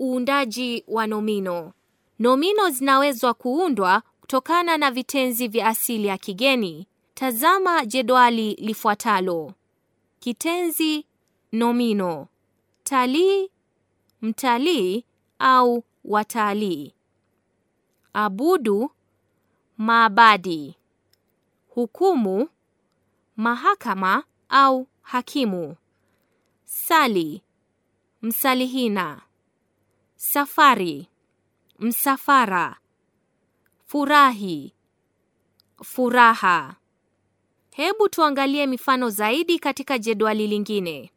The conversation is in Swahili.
Uundaji wa nomino. Nomino zinawezwa kuundwa kutokana na vitenzi vya asili ya kigeni. Tazama jedwali lifuatalo: kitenzi nomino, talii, mtalii au watalii, abudu, maabadi, hukumu, mahakama au hakimu, sali, msalihina safari, msafara, furahi, furaha. Hebu tuangalie mifano zaidi katika jedwali lingine.